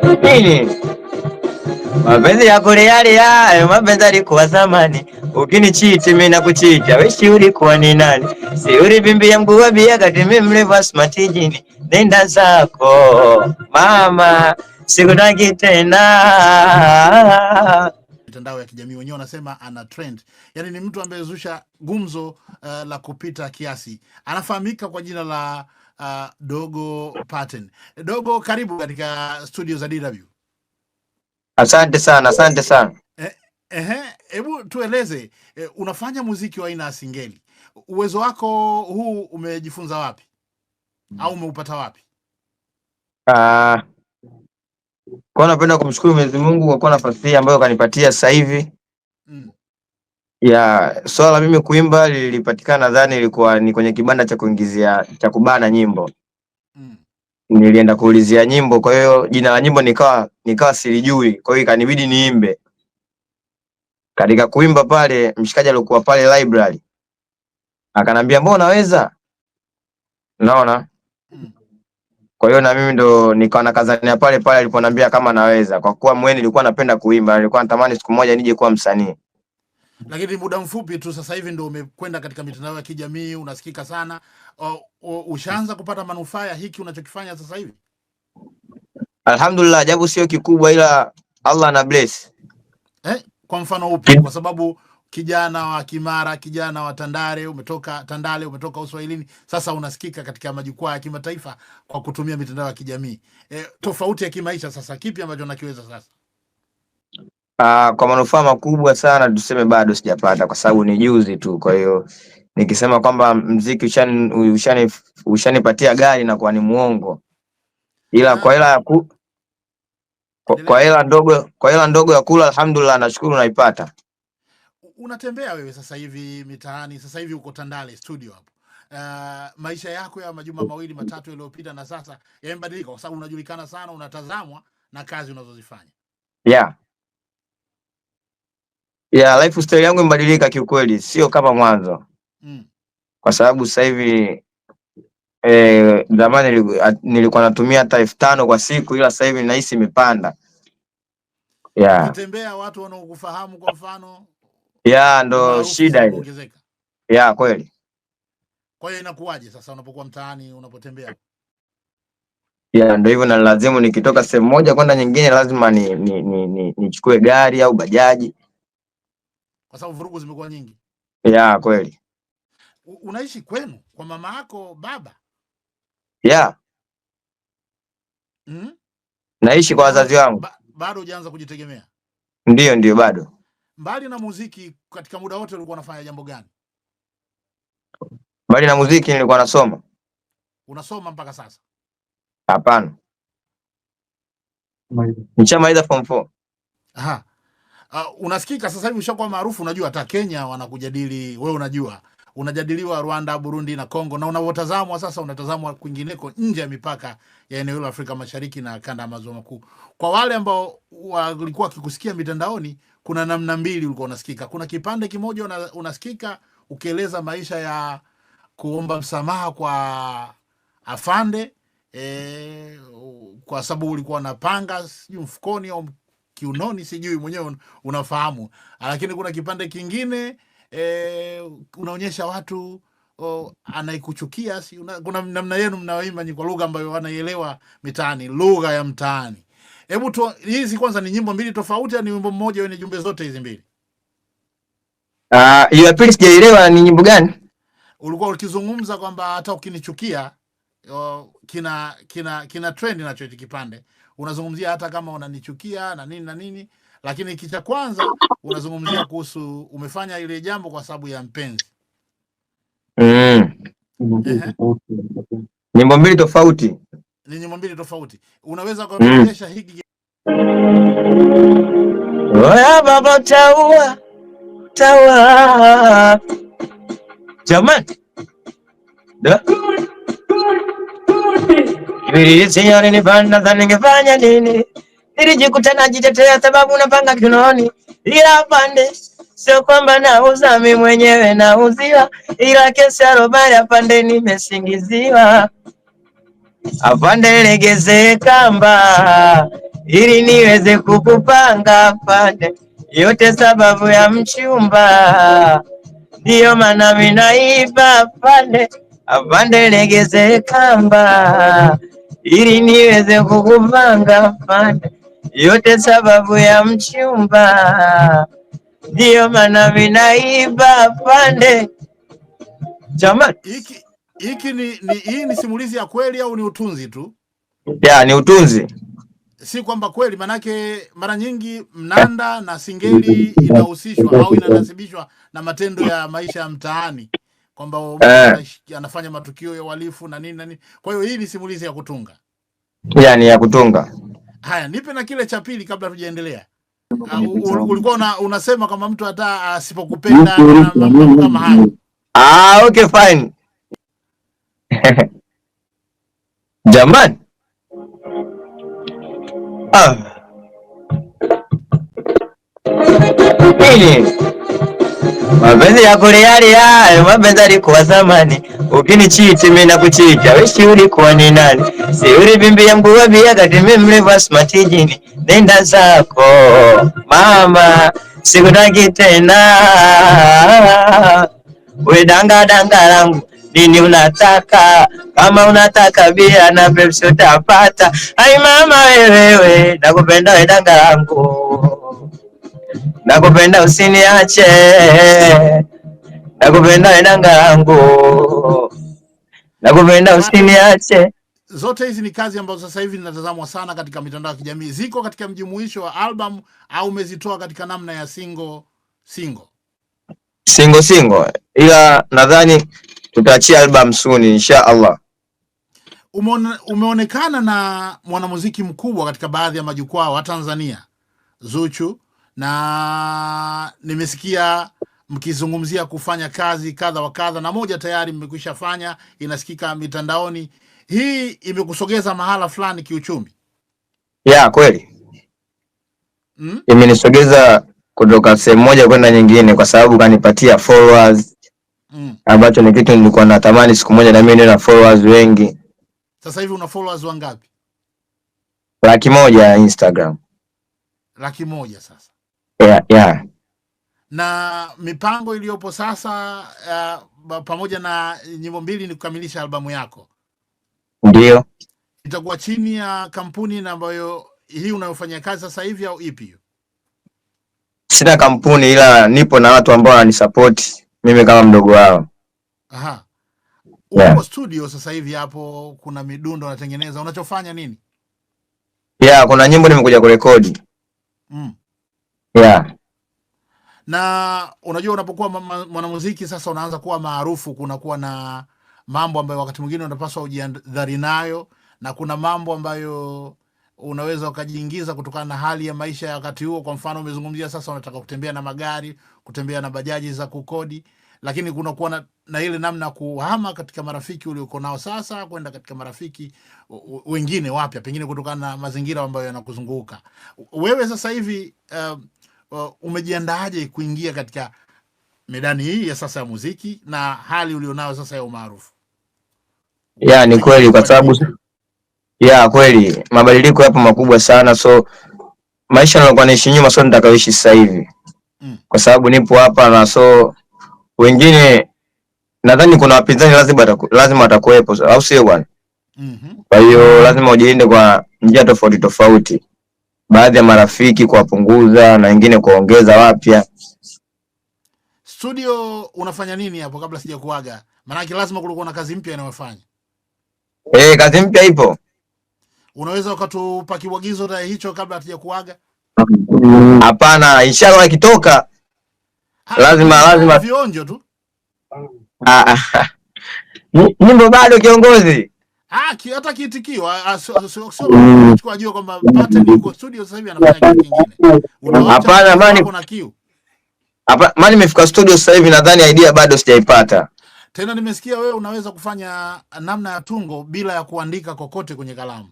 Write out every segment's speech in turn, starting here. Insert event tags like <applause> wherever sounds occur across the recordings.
kutini mapenzi yako reali hayo mapenzi alikuwa zamani, ukinichiti mimi nakuchita weshi, ulikuwa ni nani? si ya mguwa bia kati mimi asmati jini, nenda zako mama, sikutaki tena mitandao ya kijamii wenyewe wanasema ana trend, yani ni mtu amezusha gumzo uh, la kupita kiasi. Anafahamika kwa jina la uh, Dogo Paten. Dogo, karibu katika studio za DW. Asante sana, asante sana. Eh, hebu tueleze eh, unafanya muziki wa aina ya singeli, uwezo wako huu umejifunza wapi mm. au umeupata wapi? Uh, kwa napenda kumshukuru Mwenyezi Mungu kwa kuwa nafasi hii ambayo kanipatia sasa hivi. Mm. Ya swala mimi kuimba lilipatikana, nadhani ilikuwa ni kwenye kibanda cha kuingizia cha kubana nyimbo. Mm. Nilienda kuulizia nyimbo, kwa hiyo jina la nyimbo nikawa nikawa silijui, kwa hiyo ikanibidi niimbe. Katika kuimba pale, mshikaji alikuwa pale library akanambia, mbona unaweza? naona Mm. Kwa hiyo na mimi ndo nikawa na kazania pale pale aliponiambia kama naweza, kwa kuwa mweni nilikuwa napenda kuimba, nilikuwa natamani siku moja nije kuwa msanii. Lakini muda mfupi tu sasa hivi ndo umekwenda katika mitandao ya kijamii, unasikika sana. ushaanza kupata manufaa ya hiki unachokifanya sasa hivi? Alhamdulillah, jabu sio kikubwa, ila Allah na bless. Eh, kwa mfano upi? Kwa sababu kijana wa Kimara, kijana wa Tandale, umetoka Tandale, umetoka Uswahilini, sasa unasikika katika majukwaa ya kimataifa kwa kutumia mitandao ya kijamii e, tofauti ya kimaisha. Sasa kipi ambacho nakiweza sasa? Uh, kwa manufaa makubwa sana tuseme, bado sijapata kwa sababu ni juzi tu. Kwa hiyo nikisema kwamba mziki ushani ushani ushanipatia gari na kuwa ni muongo, ila kwa hela ku, kwa hela ndogo, kwa hela ndogo ya kula, alhamdulillah nashukuru naipata unatembea wewe sasa hivi mitaani, sasa hivi uko Tandale studio hapo. Uh, maisha yako ya majuma mawili matatu yaliyopita na sasa yamebadilika, kwa sababu unajulikana sana, unatazamwa na kazi unazozifanya. Yeah. Yeah, lifestyle yangu imebadilika kiukweli, sio kama mwanzo mm. Kwa sababu sasa hivi eh, zamani nilikuwa natumia hata elfu tano kwa siku, ila sasa hivi nahisi imepanda. Yeah. Kutembea, watu wanaokufahamu kwa mfano ya ndo shida hiyo ya kweli. Kwa hiyo inakuwaje sasa unapokuwa mtaani unapotembea? Ya ndo hivyo, na lazima nikitoka sehemu moja kwenda nyingine lazima ni nichukue ni, ni, ni gari au bajaji kwa sababu vurugu zimekuwa nyingi. Ya kweli. Unaishi kwenu kwa mama yako baba? Ya mm? Naishi kwa wazazi wangu. Ba, bado hujaanza kujitegemea? Ndio, ndio bado mbali na muziki, katika muda wote ulikuwa unafanya jambo gani? Mbali na muziki, nilikuwa nasoma. Unasoma mpaka sasa? Hapana, nishamaliza form 4. Aha. Uh, unasikika sasa hivi ushakuwa maarufu, unajua hata Kenya wanakujadili wewe, unajua unajadiliwa Rwanda, Burundi na Kongo, na unavyotazamwa sasa unatazamwa kwingineko nje ya mipaka ya eneo hilo Afrika Mashariki na kanda ya maziwa makuu. Kwa wale ambao walikuwa wakikusikia mitandaoni, kuna namna mbili ulikuwa unasikika. Kuna kipande kimoja una, unasikika ukieleza maisha ya kuomba msamaha kwa afande e, kwa sababu ulikuwa panga sijui mfukoni au kiunoni, sijui mwenyewe unafahamu. Lakini kuna kipande kingine e, unaonyesha watu Oh, anaikuchukia si una, kuna namna yenu mnaoimba kwa lugha ambayo wanaielewa mitaani, lugha ya mtaani Hebu tu hizi kwanza, ni nyimbo mbili tofauti au ni wimbo mmoja wenye jumbe zote hizi mbili? Ah, hiyo ya pili sijaelewa ni nyimbo gani? Ulikuwa ukizungumza kwamba hata ukinichukia kina kina kina trend nacho hiki kipande. Unazungumzia hata kama unanichukia na nini na nini, lakini kicha kwanza unazungumzia kuhusu umefanya ile jambo kwa sababu ya mpenzi. Mm. Nyimbo mbili tofauti. Ni nyimbo mbili tofauti. Unaweza kuonyesha mm. hiki Oya baba taua taua, jamani da yoni alinipanda dhani ningefanya nini? Nilijikuta najitetea sababu napanga kinoni, ila pande sio kwamba nauza mimi mwenyewe nauziwa, ila kesi arobari apande nimesingiziwa, apande legeze kamba ili niweze kukupanga pande yote, sababu ya mchumba, ndiyo maana minaiba pande apande, legeze kamba, ili niweze kukupanga pande yote, sababu ya mchumba, ndiyo maana minaiba pande. Jamani, Iki, ni, ni simulizi ya kweli au ni utunzi tu? Ya, ni utunzi si kwamba kweli, manake mara nyingi mnanda na singeli inahusishwa au inanasibishwa na matendo ya maisha ya mtaani kwamba eh, anafanya matukio ya uhalifu na nini na nini. Kwa hiyo hii ni simulizi ya kutunga, yani ya kutunga. Haya, nipe na kile cha pili kabla tujaendelea. Ah, ulikuwa una, unasema kama mtu hata asipokupenda kama hayo. Ah, okay fine. <laughs> Jamani A. Pili. Mapenzi yako reali mapenzi alikuwa zamani, ukinichiti mimi nakuchita wewe, si ulikuwa ni nani? Si ulivimbia mguu bia kati mimi mleva smart jini, nenda zako mama, sikutaki tena we danga danga langu nini unataka, kama unataka bia na Pepsi utapata. Ai mama wewewe, nakupenda we danga langu, nakupenda usiniache, nakupenda we danga langu, nakupenda usiniache. Zote hizi ni kazi ambazo sasa hivi zinatazamwa sana katika mitandao ya kijamii. Ziko katika mjumuisho wa album au umezitoa katika namna ya single single? singo singo, ila nadhani tutaachia album soon insha Allah. Umeone, umeonekana na mwanamuziki mkubwa katika baadhi ya majukwaa wa Tanzania Zuchu, na nimesikia mkizungumzia kufanya kazi kadha wa kadha, na moja tayari mmekwisha fanya, inasikika mitandaoni. Hii imekusogeza mahala fulani kiuchumi? Ya kweli, mm? imenisogeza kutoka sehemu moja kwenda nyingine, kwa sababu kanipatia followers mm. ambacho ni kitu nilikuwa natamani siku moja na mimi niwe na followers wengi. Sasa hivi una followers wangapi? Laki moja ya Instagram. Laki moja sasa. Yeah, yeah. Na mipango iliyopo sasa uh, pamoja na nyimbo mbili ni kukamilisha albamu yako. Ndio. Itakuwa chini ya kampuni ambayo hii unayofanya kazi sasa hivi au ipi hiyo? sina kampuni ila nipo na watu ambao wananisapoti mimi kama mdogo wao. Aha. Uko yeah. Studio sasa hivi hapo kuna midundo unatengeneza, unachofanya nini? Yeah, kuna nyimbo nimekuja kurekodi. Mm. Yeah. Na unajua unapokuwa mwanamuziki sasa unaanza kuwa maarufu, kunakuwa na mambo ambayo wakati mwingine unapaswa ujihadhari nayo na kuna mambo ambayo unaweza ukajiingiza kutokana na hali ya maisha ya wakati huo. Kwa mfano, umezungumzia sasa unataka kutembea na magari, kutembea na bajaji za kukodi, lakini kunakuwa na, na ile namna kuhama katika marafiki ulioko nao sasa kwenda katika marafiki wengine wapya, pengine kutokana na mazingira ambayo yanakuzunguka wewe sasa hivi. Uh, umejiandaaje kuingia katika medani hii ya sasa ya muziki na hali ulionayo sasa ya umaarufu? Yeah, ni kweli kwa sababu Yeah, kweli mabadiliko yapo makubwa sana, so maisha nilikuwa naishi nyuma, so nitakayoishi sasa hivi mm. kwa sababu nipo hapa na so wengine nadhani kuna wapinzani lazima lazima watakuwepo, au sio bwana? mm -hmm. Kwa hiyo lazima ujiende kwa njia tofauti tofauti, baadhi ya marafiki kuwapunguza na wengine kuongeza wapya. Studio unafanya nini hapo, kabla sijakuaga? Maana lazima kulikuwa na kazi mpya inayofanya. Eh, kazi mpya ipo Unaweza ukatupa kibwagizo tarehe hicho kabla hatuja kuaga? Hapana, inshallah ikitoka lazima lazima vionjo tu. Ah, <laughs> Nyimbo bado kiongozi. Ah, hata kiitikiwa sio sio mm. ajua kwamba pattern yuko studio sasa hivi anafanya kitu kingine. Hapana, mani kuna kiu. Hapa mani nimefika studio sasa hivi nadhani idea bado sijaipata. Tena nimesikia wewe unaweza kufanya namna ya tungo bila ya kuandika kokote kwenye kalamu.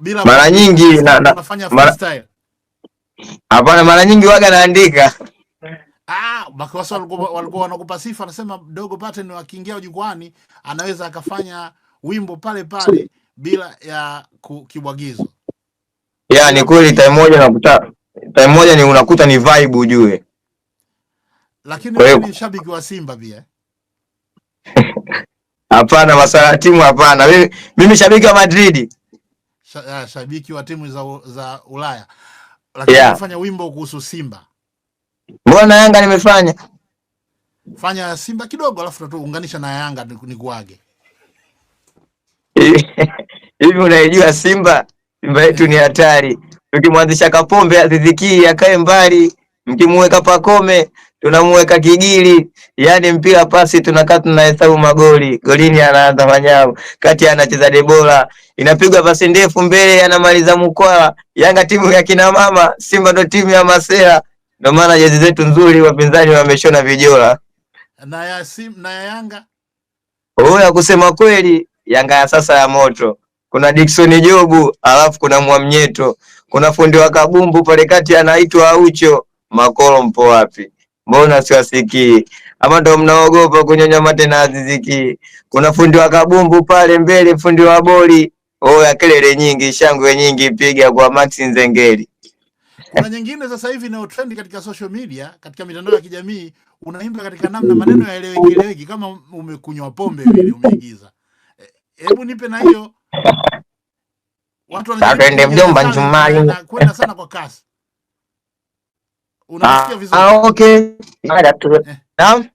Bila mara nyingi na, na, mara, hapana, mara nyingi waga naandika Ah, Bakwasa walikuwa wanakupa sifa, anasema Dogo Paten akiingia jukwani anaweza akafanya wimbo pale pale bila ya kibwagizo. Yeah, ni kweli. Time moja nakuta, time moja ni unakuta ni vibe ujue, lakini ni shabiki wa Simba pia <laughs> Hapana, masuala ya timu hapana. Mimi, mimi shabiki wa Madrid. Sha, shabiki wa timu za, za Ulaya lakini yeah. Fanya wimbo kuhusu Simba. Mbona Yanga nimefanya? Fanya Simba kidogo alafu tutaunganisha na Yanga nikuage. <laughs> Hivi unaijua Simba? Simba yetu ni hatari. Ukimwanzisha Kapombe azizikii akae mbali, mkimuweka Pakome tunamuweka kigili, yani mpira pasi, tunakaa tunahesabu magoli. Golini anaanza manyao kati anacheza debola, inapigwa pasi ndefu mbele, anamaliza Mkwala. Yanga timu ya kina mama, Simba ndo timu ya masela. ndo maana jezi zetu nzuri, wapinzani wameshona vijola na ya Sim, na ya Yanga. Oya, kusema kweli, Yanga ya sasa ya moto. Kuna Dickson Jobu, alafu kuna Mwamnyeto, kuna fundi wa kabumbu pale kati anaitwa Aucho Makolo, mpo wapi? mbona siwasikii? Ama ndo mnaogopa kunyonya mate na aziziki? Kuna fundi wa kabumbu pale mbele, fundi wa boli. Oh, ya kelele nyingi, shangwe nyingi, piga kwa Max Nzengeli. Kuna nyingine sasa hivi inayo trend katika social media, katika mitandao ya kijamii, unaimba katika namna maneno yaeleweki eleweki, kama umekunywa pombe vile umeigiza. E, hebu nipe na hiyo. Watu wanaenda mjomba, njumari kwenda sana kwa kasi Unasikia ah, vizuri? Ah, okay. Baada tu. Naam.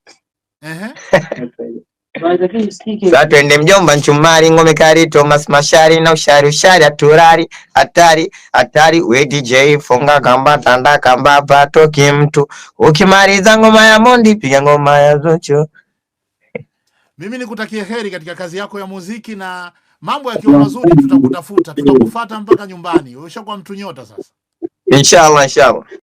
twende mjomba nchumari ngome kari Thomas Mashari na ushari ushari aturari hatari hatari we DJ funga kamba tanda kamba pato kimtu ukimaliza ngoma ya Mondi piga ngoma ya Zuchu. Mimi nikutakie heri katika kazi yako ya muziki na mambo yakiwa mazuri tutakutafuta tutakufata mpaka nyumbani. Umeshakuwa mtu nyota sasa. Inshallah, inshallah.